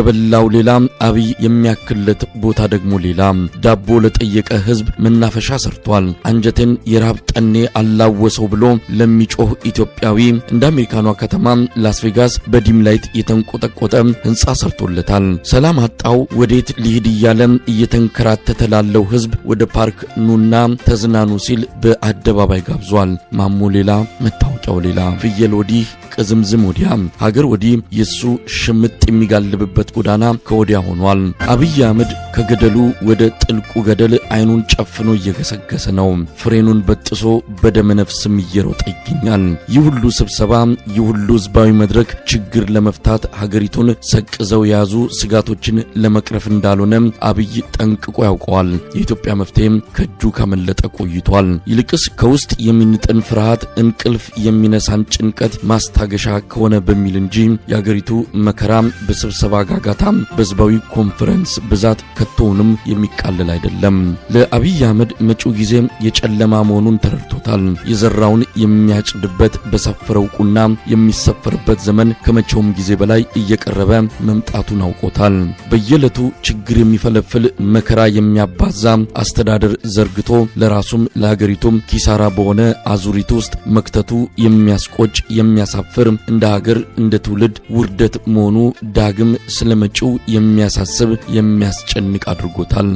የበላው ሌላ፣ አብይ የሚያክልለት ቦታ ደግሞ ሌላ። ዳቦ ለጠየቀ ህዝብ መናፈሻ ሰርቷል። አንጀቴን የራብ ጠኔ አላወሰው ብሎ ለሚጮህ ኢትዮጵያዊ እንደ አሜሪካኗ ከተማ ላስ ቬጋስ በዲም ላይት የተንቆጠቆጠ ህንፃ ሰርቶለታል። ሰላም አጣው ወዴት ሊሄድ እያለ እየተንከራተተ ላለው ህዝብ ወደ ፓርክ ኑና ተዝናኑ ሲል በአደባባይ ጋብዟል። ማሞ ሌላ፣ መታወቂያው ሌላ። ፍየል ወዲህ ቅዝምዝም ወዲያ፣ ሀገር ወዲህ የሱ ሽምጥ የሚጋልብበት የውድቀት ጎዳና ከወዲያ ሆኗል። አብይ አህመድ ከገደሉ ወደ ጥልቁ ገደል አይኑን ጨፍኖ እየገሰገሰ ነው። ፍሬኑን በጥሶ በደመነፍስም እየሮጠ ይገኛል። ይህ ሁሉ ስብሰባ፣ ይህ ሁሉ ህዝባዊ መድረክ ችግር ለመፍታት ሀገሪቱን ሰቅዘው የያዙ ስጋቶችን ለመቅረፍ እንዳልሆነ አብይ ጠንቅቆ ያውቀዋል። የኢትዮጵያ መፍትሄም ከእጁ ከመለጠ ቆይቷል። ይልቅስ ከውስጥ የሚንጠን ፍርሃት፣ እንቅልፍ የሚነሳን ጭንቀት ማስታገሻ ከሆነ በሚል እንጂ የአገሪቱ መከራ በስብሰባ ጋር ዳጋታም በህዝባዊ ኮንፈረንስ ብዛት ከቶውንም የሚቃለል አይደለም። ለአብይ አህመድ መጪው ጊዜ የጨለማ መሆኑን ተረድቶታል። የዘራውን የሚያጭድበት በሰፈረው ቁና የሚሰፈርበት ዘመን ከመቼውም ጊዜ በላይ እየቀረበ መምጣቱን አውቆታል። በየዕለቱ ችግር የሚፈለፍል መከራ የሚያባዛ አስተዳደር ዘርግቶ ለራሱም ለሀገሪቱም ኪሳራ በሆነ አዙሪት ውስጥ መክተቱ የሚያስቆጭ የሚያሳፍር እንደ ሀገር እንደ ትውልድ ውርደት መሆኑ ዳግም ስለመጪው የሚያሳስብ የሚያስጨንቅ አድርጎታል።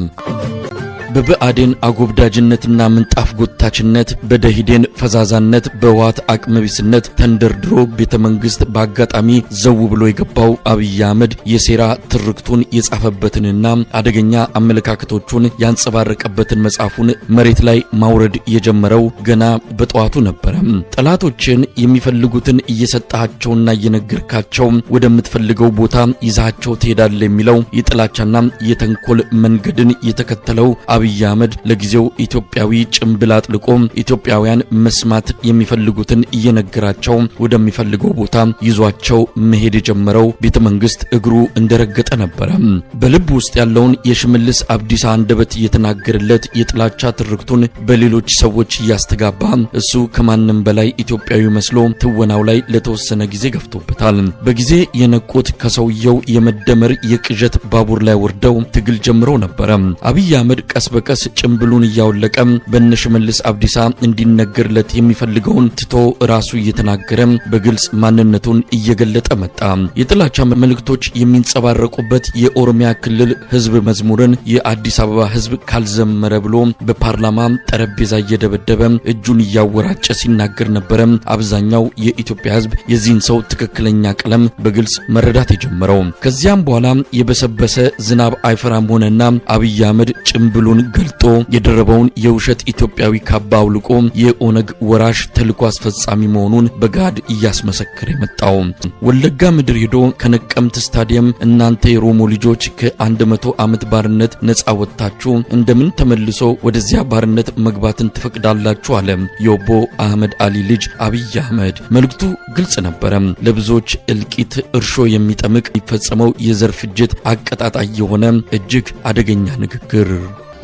በብአዴን አጎብዳጅነትና ምንጣፍ ጎታችነት፣ በደሂዴን ፈዛዛነት፣ በዋት አቅመቢስነት ተንደርድሮ ቤተ መንግስት በአጋጣሚ ዘው ብሎ የገባው አብይ አህመድ የሴራ ትርክቱን የጻፈበትንና አደገኛ አመለካከቶቹን ያንጸባረቀበትን መጽሐፉን መሬት ላይ ማውረድ የጀመረው ገና በጠዋቱ ነበረ። ጠላቶችን የሚፈልጉትን እየሰጣቸውና እየነገርካቸው ወደምትፈልገው ቦታ ይዛቸው ትሄዳለ የሚለው የጥላቻና የተንኮል መንገድን የተከተለው አብይ አህመድ ለጊዜው ኢትዮጵያዊ ጭምብል አጥልቆ ኢትዮጵያውያን መስማት የሚፈልጉትን እየነገራቸው ወደሚፈልገው ቦታ ይዟቸው መሄድ የጀመረው ቤተ መንግስት እግሩ እንደረገጠ ነበረ። በልብ ውስጥ ያለውን የሽመልስ አብዲሳ አንደበት እየተናገረለት የጥላቻ ትርክቱን በሌሎች ሰዎች እያስተጋባ እሱ ከማንም በላይ ኢትዮጵያዊ መስሎ ትወናው ላይ ለተወሰነ ጊዜ ገፍቶበታል። በጊዜ የነቁት ከሰውየው የመደመር የቅዠት ባቡር ላይ ወርደው ትግል ጀምረው ነበረ። አብይ አህመድ ቀስ በቀስ ጭምብሉን እያወለቀ በነሽ መልስ አብዲሳ እንዲነገርለት የሚፈልገውን ትቶ ራሱ እየተናገረ በግልጽ ማንነቱን እየገለጠ መጣ። የጥላቻ መልእክቶች የሚንጸባረቁበት የኦሮሚያ ክልል ህዝብ መዝሙርን የአዲስ አበባ ህዝብ ካልዘመረ ብሎ በፓርላማ ጠረጴዛ እየደበደበ እጁን እያወራጨ ሲናገር ነበረ። አብዛኛው የኢትዮጵያ ህዝብ የዚህን ሰው ትክክለኛ ቀለም በግልጽ መረዳት የጀመረው ከዚያም በኋላ የበሰበሰ ዝናብ አይፈራም ሆነና አብይ አህመድ ጭምብሉን ገልጦ የደረበውን የውሸት ኢትዮጵያዊ ካባ አውልቆ የኦነግ ወራሽ ተልዕኮ አስፈጻሚ መሆኑን በጋድ እያስመሰከረ የመጣው ወለጋ ምድር ሄዶ ከነቀምት ስታዲየም እናንተ የሮሞ ልጆች ከአንድ መቶ ዓመት ባርነት ነፃ ወጥታችሁ እንደምን ተመልሶ ወደዚያ ባርነት መግባትን ትፈቅዳላችሁ? አለ የኦቦ አህመድ አሊ ልጅ አብይ አህመድ። መልእክቱ ግልጽ ነበረ። ለብዙዎች እልቂት እርሾ የሚጠምቅ የሚፈጸመው የዘር ፍጅት አቀጣጣይ የሆነ እጅግ አደገኛ ንግግር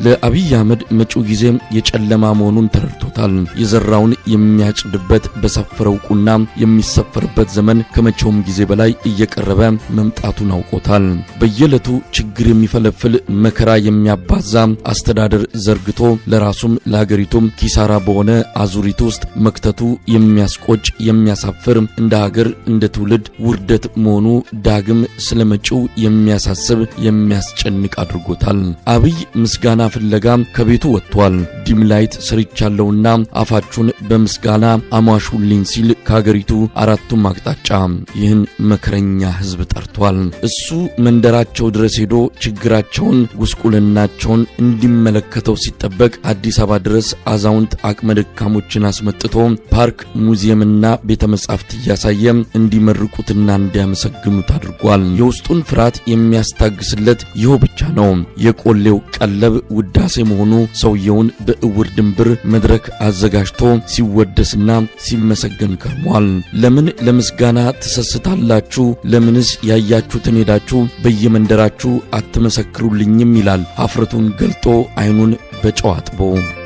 ለአብይ አህመድ መጪው ጊዜም የጨለማ መሆኑን ተረድቶታል። የዘራውን የሚያጭድበት በሰፈረው ቁና የሚሰፈርበት ዘመን ከመቼውም ጊዜ በላይ እየቀረበ መምጣቱን አውቆታል። በየዕለቱ ችግር የሚፈለፍል መከራ የሚያባዛ አስተዳደር ዘርግቶ ለራሱም ለሀገሪቱም ኪሳራ በሆነ አዙሪት ውስጥ መክተቱ የሚያስቆጭ የሚያሳፍር፣ እንደ ሀገር እንደ ትውልድ ውርደት መሆኑ ዳግም ስለመጪው የሚያሳስብ የሚያስጨንቅ አድርጎታል። አብይ ምስጋና ፍለጋ ከቤቱ ወጥቷል። ዲም ላይት ስርቻለውና አፋችሁን በምስጋና አሟሹልኝ ሲል ከአገሪቱ አራቱም አቅጣጫ ይህን መከረኛ ሕዝብ ጠርቷል። እሱ መንደራቸው ድረስ ሄዶ ችግራቸውን፣ ጉስቁልናቸውን እንዲመለከተው ሲጠበቅ አዲስ አበባ ድረስ አዛውንት አቅመ ደካሞችን አስመጥቶ ፓርክ፣ ሙዚየምና ቤተ መጻሕፍት እያሳየ እንዲመርቁትና እንዲያመሰግኑት አድርጓል። የውስጡን ፍርሃት የሚያስታግስለት ይኸው ብቻ ነው። የቆሌው ቀለብ ውዳሴ መሆኑ ሰውየውን በእውር ድንብር መድረክ አዘጋጅቶ ሲወደስና ሲመሰገን ከርሟል። ለምን ለምስጋና ትሰስታላችሁ? ለምንስ ያያችሁትን ሄዳችሁ በየመንደራችሁ አትመሰክሩልኝም? ይላል አፍረቱን ገልጦ አይኑን? መበጫው አጥቦ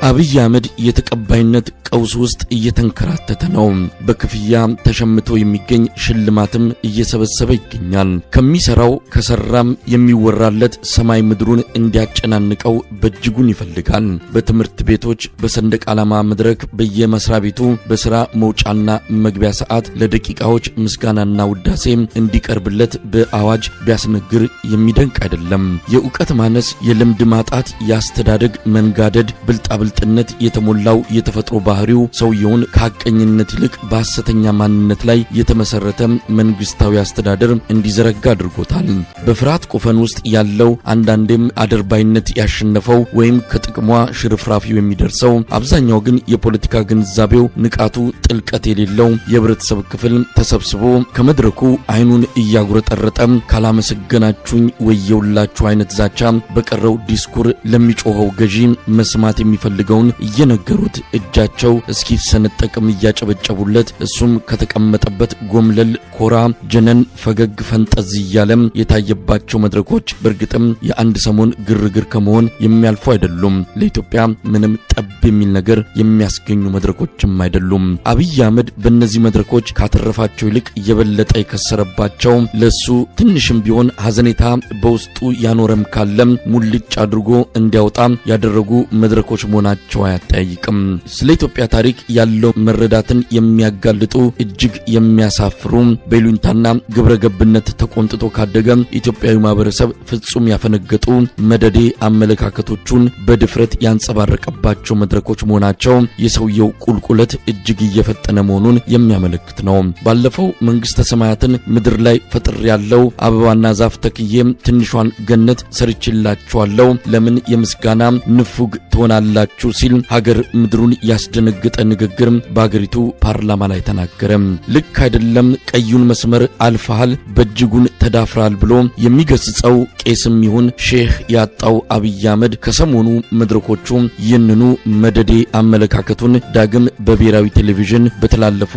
አብይ አህመድ የተቀባይነት ቀውስ ውስጥ እየተንከራተተ ነው። በክፍያ ተሸምቶ የሚገኝ ሽልማትም እየሰበሰበ ይገኛል። ከሚሰራው ከሰራም የሚወራለት ሰማይ ምድሩን እንዲያጨናንቀው በእጅጉን ይፈልጋል። በትምህርት ቤቶች፣ በሰንደቅ ዓላማ መድረክ፣ በየመስሪያ ቤቱ በስራ መውጫና መግቢያ ሰዓት ለደቂቃዎች ምስጋናና ውዳሴ እንዲቀርብለት በአዋጅ ቢያስነግር የሚደንቅ አይደለም። የእውቀት ማነስ፣ የልምድ ማጣት፣ የአስተዳደግ መ መንጋደድ፣ ብልጣብልጥነት የተሞላው የተፈጥሮ ባህሪው ሰውየውን ከሐቀኝነት ይልቅ በሐሰተኛ ማንነት ላይ የተመሰረተ መንግስታዊ አስተዳደር እንዲዘረጋ አድርጎታል። በፍርሃት ቁፈን ውስጥ ያለው አንዳንዴም አደርባይነት ያሸነፈው ወይም ከጥቅሟ ሽርፍራፊው የሚደርሰው አብዛኛው ግን የፖለቲካ ግንዛቤው ንቃቱ ጥልቀት የሌለው የህብረተሰብ ክፍል ተሰብስቦ ከመድረኩ አይኑን እያጉረጠረጠ ካላመሰገናችሁኝ ወየውላችሁ አይነት ዛቻ በቀረው ዲስኩር ለሚጮኸው ገዢ መስማት የሚፈልገውን እየነገሩት እጃቸው እስኪሰነጠቅም እያጨበጨቡለት እሱም ከተቀመጠበት ጎምለል ኮራ ጀነን ፈገግ ፈንጠዝ እያለም የታየባቸው መድረኮች በእርግጥም የአንድ ሰሞን ግርግር ከመሆን የሚያልፉ አይደሉም። ለኢትዮጵያ ምንም ጠብ የሚል ነገር የሚያስገኙ መድረኮችም አይደሉም። አብይ አህመድ በእነዚህ መድረኮች ካተረፋቸው ይልቅ የበለጠ የከሰረባቸው ለሱ ትንሽም ቢሆን ሐዘኔታ በውስጡ ያኖረም ካለም ሙልጭ አድርጎ እንዲያወጣ ያደረጉ የሚደረጉ መድረኮች መሆናቸው አያጠያይቅም። ስለ ኢትዮጵያ ታሪክ ያለው መረዳትን የሚያጋልጡ እጅግ የሚያሳፍሩ በይሉኝታና ግብረ ገብነት ተቆንጥጦ ካደገ ኢትዮጵያዊ ማህበረሰብ ፍጹም ያፈነገጡ መደዴ አመለካከቶቹን በድፍረት ያንጸባረቀባቸው መድረኮች መሆናቸው የሰውየው ቁልቁለት እጅግ እየፈጠነ መሆኑን የሚያመለክት ነው። ባለፈው መንግስተ ሰማያትን ምድር ላይ ፈጥር ያለው አበባና ዛፍ ተክዬም ትንሿን ገነት ሰርችላቸዋለው ለምን የምስጋና ንፍ ፉግ ትሆናላችሁ ሲል ሀገር ምድሩን ያስደነገጠ ንግግር በአገሪቱ ፓርላማ ላይ ተናገረ። ልክ አይደለም፣ ቀዩን መስመር አልፈሃል፣ በእጅጉን ተዳፍራል ብሎ የሚገስጸው ቄስም ይሁን ሼህ ያጣው አብይ አህመድ ከሰሞኑ መድረኮቹ ይህንኑ መደዴ አመለካከቱን ዳግም በብሔራዊ ቴሌቪዥን በተላለፉ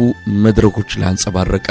መድረኮች ላይ አንጸባረቀ።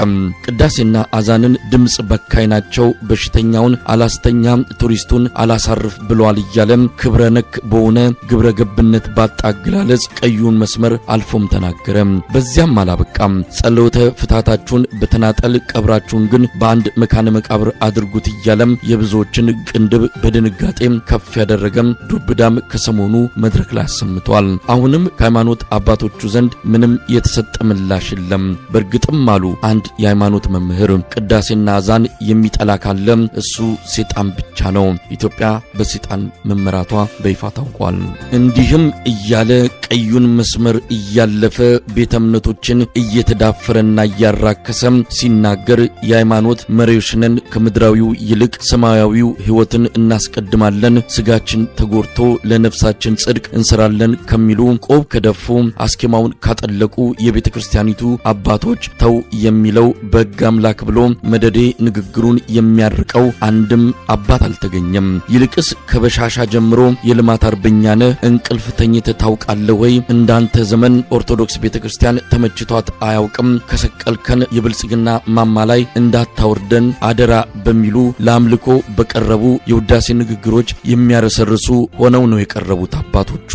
ቅዳሴና አዛንን ድምፅ በካይ ናቸው፣ በሽተኛውን አላስተኛ፣ ቱሪስቱን አላሳርፍ ብሏል እያለም ክብረ ነክ በሆነ በሆነ ግብረ ገብነት ባጣ አገላለጽ ቀዩን መስመር አልፎም ተናገረም። በዚያም አላበቃም። ጸሎተ ፍታታችሁን በተናጠል ቀብራችሁን ግን በአንድ መካነ መቃብር አድርጉት እያለም የብዙዎችን ቅንድብ በድንጋጤ ከፍ ያደረገም ዱብዳም ከሰሞኑ መድረክ ላይ አሰምቷል። አሁንም ከሃይማኖት አባቶቹ ዘንድ ምንም የተሰጠ ምላሽ የለም። በእርግጥም አሉ አንድ የሃይማኖት መምህር፣ ቅዳሴና አዛን የሚጠላ ካለ እሱ ሴጣን ብቻ ነው። ኢትዮጵያ በሴጣን መመራቷ በይፋ ታውቋል። ተናግረዋል። እንዲህም እያለ ቀዩን መስመር እያለፈ ቤተ እምነቶችን እየተዳፈረና እያራከሰም ሲናገር የሃይማኖት መሪዎችንን ከምድራዊው ይልቅ ሰማያዊው ሕይወትን እናስቀድማለን፣ ስጋችን ተጎድቶ ለነፍሳችን ጽድቅ እንሰራለን ከሚሉ ቆብ ከደፉ አስኬማውን ካጠለቁ የቤተ ክርስቲያኒቱ አባቶች ተው የሚለው በግ አምላክ ብሎ መደዴ ንግግሩን የሚያርቀው አንድም አባት አልተገኘም። ይልቅስ ከበሻሻ ጀምሮ የልማት አርበ ጠበኛ ነህ፣ እንቅልፍ ተኝተ ታውቃለህ ወይ? እንዳንተ ዘመን ኦርቶዶክስ ቤተ ክርስቲያን ተመችቷት አያውቅም። ከሰቀልከን የብልጽግና ማማ ላይ እንዳታወርደን አደራ በሚሉ ለአምልኮ በቀረቡ የውዳሴ ንግግሮች የሚያረሰርሱ ሆነው ነው የቀረቡት አባቶቹ።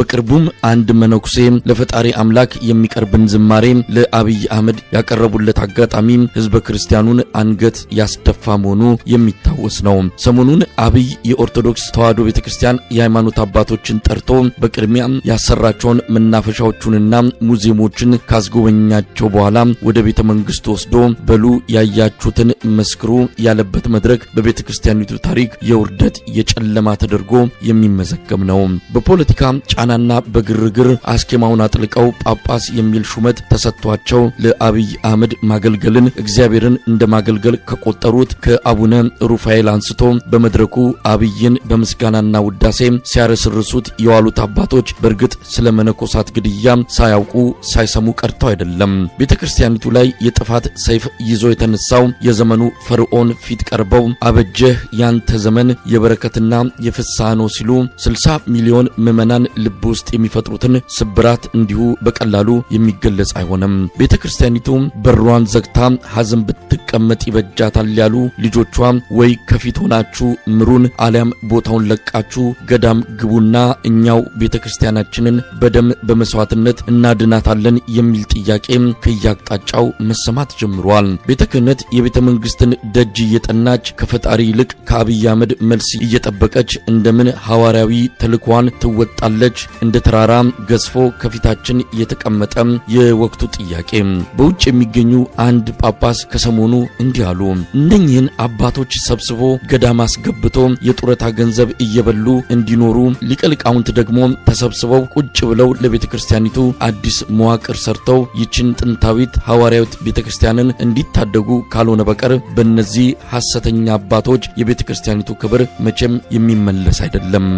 በቅርቡም አንድ መነኩሴ ለፈጣሪ አምላክ የሚቀርብን ዝማሬ ለአብይ አህመድ ያቀረቡለት አጋጣሚ ህዝበ ክርስቲያኑን አንገት ያስደፋ መሆኑ የሚታወስ ነው። ሰሞኑን አብይ የኦርቶዶክስ ተዋሕዶ ቤተ ክርስቲያን የሃይማኖት አባቶችን ጠርቶ በቅድሚያ ያሰራቸውን መናፈሻዎቹንና ሙዚየሞችን ካስጎበኛቸው በኋላ ወደ ቤተ መንግስት ወስዶ በሉ ያያችሁትን መስክሩ ያለበት መድረክ በቤተ ክርስቲያኒቱ ታሪክ የውርደት የጨለማ ተደርጎ የሚመዘገብ ነው። በፖለቲካ ጫናና በግርግር አስኬማውን አጥልቀው ጳጳስ የሚል ሹመት ተሰጥቷቸው ለአብይ አህመድ ማገልገልን እግዚአብሔርን እንደ ማገልገል ከቆጠሩት ከአቡነ ሩፋኤል አንስቶ በመድረኩ አብይን በምስጋናና ውዳሴ ሲያረ ሲያግሰሰርሱት የዋሉት አባቶች በእርግጥ ስለ መነኮሳት ግድያ ሳያውቁ ሳይሰሙ ቀርተው አይደለም። ቤተ ክርስቲያኒቱ ላይ የጥፋት ሰይፍ ይዞ የተነሳው የዘመኑ ፈርዖን ፊት ቀርበው አበጀህ ያንተ ዘመን የበረከትና የፍስሐ ነው ሲሉ 60 ሚሊዮን ምዕመናን ልብ ውስጥ የሚፈጥሩትን ስብራት እንዲሁ በቀላሉ የሚገለጽ አይሆንም። ቤተ ክርስቲያኒቱ በሯን ዘግታ ሐዘን ብትቀመጥ ይበጃታል ያሉ ልጆቿ ወይ ከፊት ሆናችሁ ምሩን፣ አሊያም ቦታውን ለቃችሁ ገዳም ግቡ ግቡና እኛው ቤተ ክርስቲያናችንን በደም በመስዋዕትነት እናድናታለን የሚል ጥያቄ ከያቅጣጫው መሰማት ጀምሯል። ቤተ ክህነት የቤተ መንግስትን ደጅ እየጠናች ከፈጣሪ ይልቅ ከአብይ አህመድ መልስ እየጠበቀች እንደምን ሐዋርያዊ ተልኳን ትወጣለች? እንደ ተራራ ገዝፎ ከፊታችን የተቀመጠ የወቅቱ ጥያቄ። በውጭ የሚገኙ አንድ ጳጳስ ከሰሞኑ እንዲህ አሉ። እነኚህን አባቶች ሰብስቦ ገዳም አስገብቶ የጡረታ ገንዘብ እየበሉ እንዲኖሩ ሊቀ ሊቃውንት ደግሞ ተሰብስበው ቁጭ ብለው ለቤተ ክርስቲያኒቱ አዲስ መዋቅር ሰርተው ይችን ጥንታዊት ሐዋርያዊት ቤተ ክርስቲያንን እንዲታደጉ ካልሆነ በቀር በእነዚህ ሐሰተኛ አባቶች የቤተ ክርስቲያኒቱ ክብር መቼም የሚመለስ አይደለም።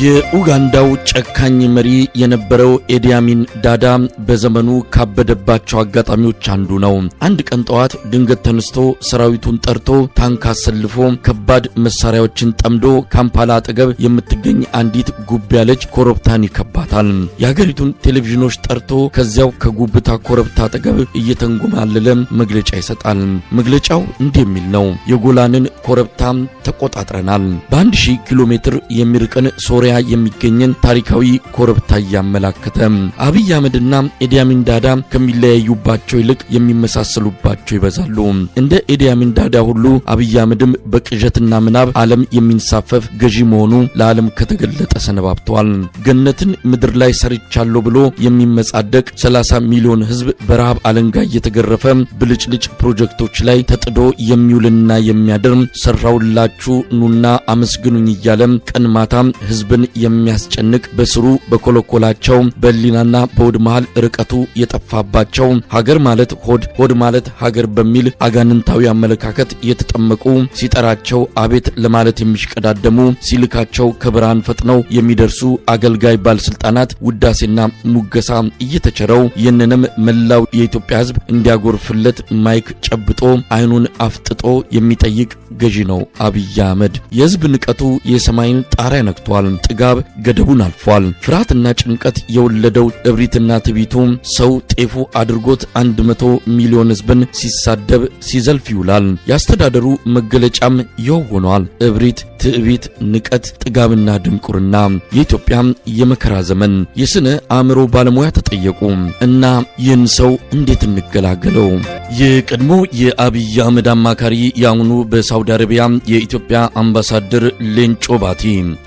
የኡጋንዳው ጨካኝ መሪ የነበረው ኤዲያሚን ዳዳ በዘመኑ ካበደባቸው አጋጣሚዎች አንዱ ነው። አንድ ቀን ጠዋት ድንገት ተነስቶ ሰራዊቱን ጠርቶ ታንክ አሰልፎ ከባድ መሳሪያዎችን ጠምዶ ካምፓላ አጠገብ የምትገኝ አንዲት ጉብ ያለች ኮረብታን ይከባታል። የሀገሪቱን ቴሌቪዥኖች ጠርቶ ከዚያው ከጉብታ ኮረብታ አጠገብ እየተንጎማለለ መግለጫ ይሰጣል። መግለጫው እንዲህ የሚል ነው። የጎላንን ኮረብታ ተቆጣጥረናል። በአንድ ሺህ ኪሎ ሜትር የሚርቅን ሶ ሶሪያ የሚገኝን ታሪካዊ ኮረብታ እያመላከተ አብይ አህመድና ኤዲያሚን ዳዳ ከሚለያዩባቸው ይልቅ የሚመሳሰሉባቸው ይበዛሉ። እንደ ኤዲያሚን ዳዳ ሁሉ አብይ አህመድም በቅዠትና ምናብ ዓለም የሚንሳፈፍ ገዢ መሆኑ ለዓለም ከተገለጠ ሰነባብተዋል። ገነትን ምድር ላይ ሰርቻለሁ ብሎ የሚመጻደቅ 30 ሚሊዮን ህዝብ በረሃብ አለንጋ እየተገረፈ ብልጭልጭ ፕሮጀክቶች ላይ ተጥዶ የሚውልና የሚያደርም ሰራውላችሁ ኑና አመስግኑኝ እያለ ቀን ህዝብ ልብን የሚያስጨንቅ በስሩ በኮለኮላቸው በሕሊናና በሆድ መሃል ርቀቱ የጠፋባቸው ሀገር ማለት ሆድ ሆድ ማለት ሀገር በሚል አጋንንታዊ አመለካከት የተጠመቁ ሲጠራቸው አቤት ለማለት የሚሽቀዳደሙ ሲልካቸው ከብርሃን ፈጥነው የሚደርሱ አገልጋይ ባለስልጣናት ውዳሴና ሙገሳ እየተቸረው ይህንንም መላው የኢትዮጵያ ሕዝብ እንዲያጎርፍለት ማይክ ጨብጦ አይኑን አፍጥጦ የሚጠይቅ ገዢ ነው አብይ አህመድ። የሕዝብ ንቀቱ የሰማይን ጣሪያ ነክቷል። ጥጋብ ገደቡን አልፏል። ፍርሃትና ጭንቀት የወለደው እብሪትና ትቢቱ ሰው ጤፉ አድርጎት አንድ መቶ ሚሊዮን ሕዝብን ሲሳደብ ሲዘልፍ ይውላል። የአስተዳደሩ መገለጫም ይኸው ሆኗል። እብሪት፣ ትዕቢት፣ ንቀት፣ ጥጋብና ድንቁርና። የኢትዮጵያ የመከራ ዘመን። የስነ አእምሮ ባለሙያ ተጠየቁ እና ይህን ሰው እንዴት እንገላገለው? የቀድሞ የአብይ አህመድ አማካሪ የአሁኑ በሳውዲ አረቢያ የኢትዮጵያ አምባሳደር ሌንጮ ባቲ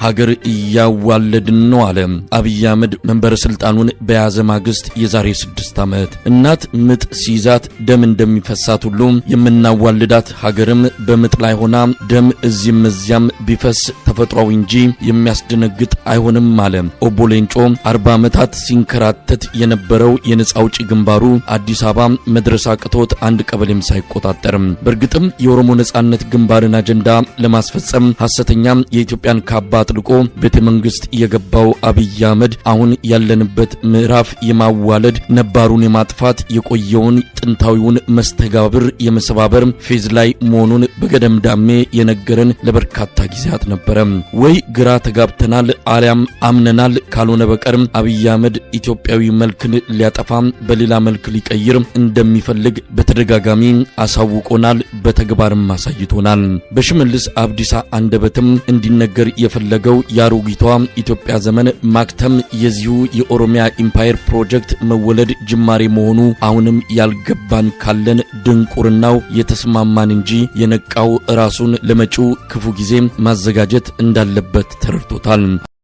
ሀገር እያዋለድን ነው አለ። አብይ አህመድ መንበረ ስልጣኑን በያዘ ማግስት የዛሬ ስድስት ዓመት እናት ምጥ ሲይዛት ደም እንደሚፈሳት ሁሉ የምናዋልዳት ሀገርም በምጥ ላይ ሆና ደም እዚህም እዚያም ቢፈስ ተፈጥሯዊ እንጂ የሚያስደነግጥ አይሆንም አለ። ኦቦ ሌንጮ አርባ ዓመታት ሲንከራተት የነበረው የነጻ አውጪ ግንባሩ አዲስ አበባ መድረስ አቅቶት አንድ ቀበሌም ሳይቆጣጠርም በእርግጥም የኦሮሞ ነጻነት ግንባርን አጀንዳ ለማስፈጸም ሀሰተኛም የኢትዮጵያን ካባ አጥልቆ ቤተ መንግስት የገባው አብይ አህመድ አሁን ያለንበት ምዕራፍ የማዋለድ ነባሩን የማጥፋት የቆየውን ጥንታዊውን መስተጋብር የመሰባበር ፌዝ ላይ መሆኑን በገደምዳሜ የነገረን ለበርካታ ጊዜያት ነበረ። ወይ ግራ ተጋብተናል አሊያም አምነናል። ካልሆነ በቀር አብይ አህመድ ኢትዮጵያዊ መልክን ሊያጠፋ በሌላ መልክ ሊቀይር እንደሚፈልግ በተደጋጋሚ አሳውቆናል፣ በተግባርም አሳይቶናል። በሽመልስ አብዲሳ አንደበትም እንዲነገር የፈለገው ያሩ በአሮጊቷ ኢትዮጵያ ዘመን ማክተም የዚሁ የኦሮሚያ ኢምፓየር ፕሮጀክት መወለድ ጅማሬ መሆኑ አሁንም ያልገባን ካለን ድንቁርናው የተስማማን እንጂ የነቃው ራሱን ለመጪው ክፉ ጊዜ ማዘጋጀት እንዳለበት ተረድቶታል።